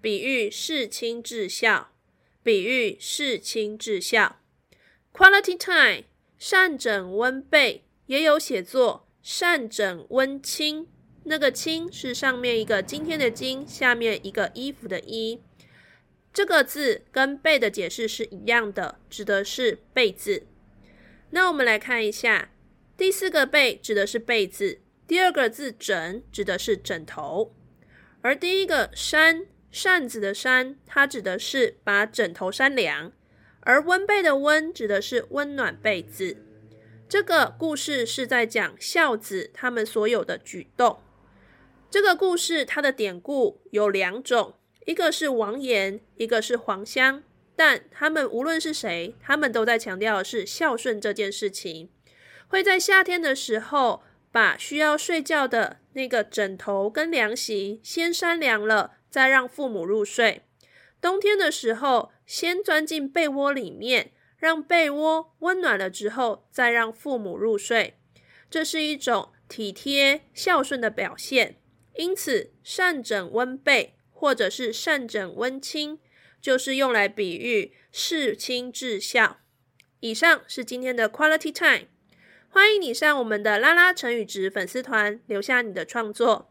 比喻事親至孝，比喻事親至孝。Quality time，扇枕溫被，也有寫作扇枕溫衾。那個衾是上面一個今天的“今”，下面一個衣服的“衣”。這個字跟被的解釋是一樣的，指的是被字。那我們來看一下，第四個被指的是被字，第二個字枕指的是枕頭，而第一個山。扇子的扇，它指的是把枕頭扇涼；而溫被的溫，指的是溫暖被子。這個故事是在講孝子他們所有的舉動。這個故事它的典故有兩種，一個是王延，一個是黃香。但他們無論是誰，他們都在強調的是孝順這件事情。會在夏天的時候，把需要睡覺的那個枕頭跟涼席先扇涼了。再讓父母入睡。冬天的時候，先鑽進被窩裡面，讓被窩溫暖了之後，再讓父母入睡。這是一種體貼孝順的表現。因此，“扇枕溫被”或者是“扇枕溫衾”就是用來比喻事親至孝。以上是今天的 Quality Time。歡迎你上我們的拉拉成語值粉絲團，留下你的創作。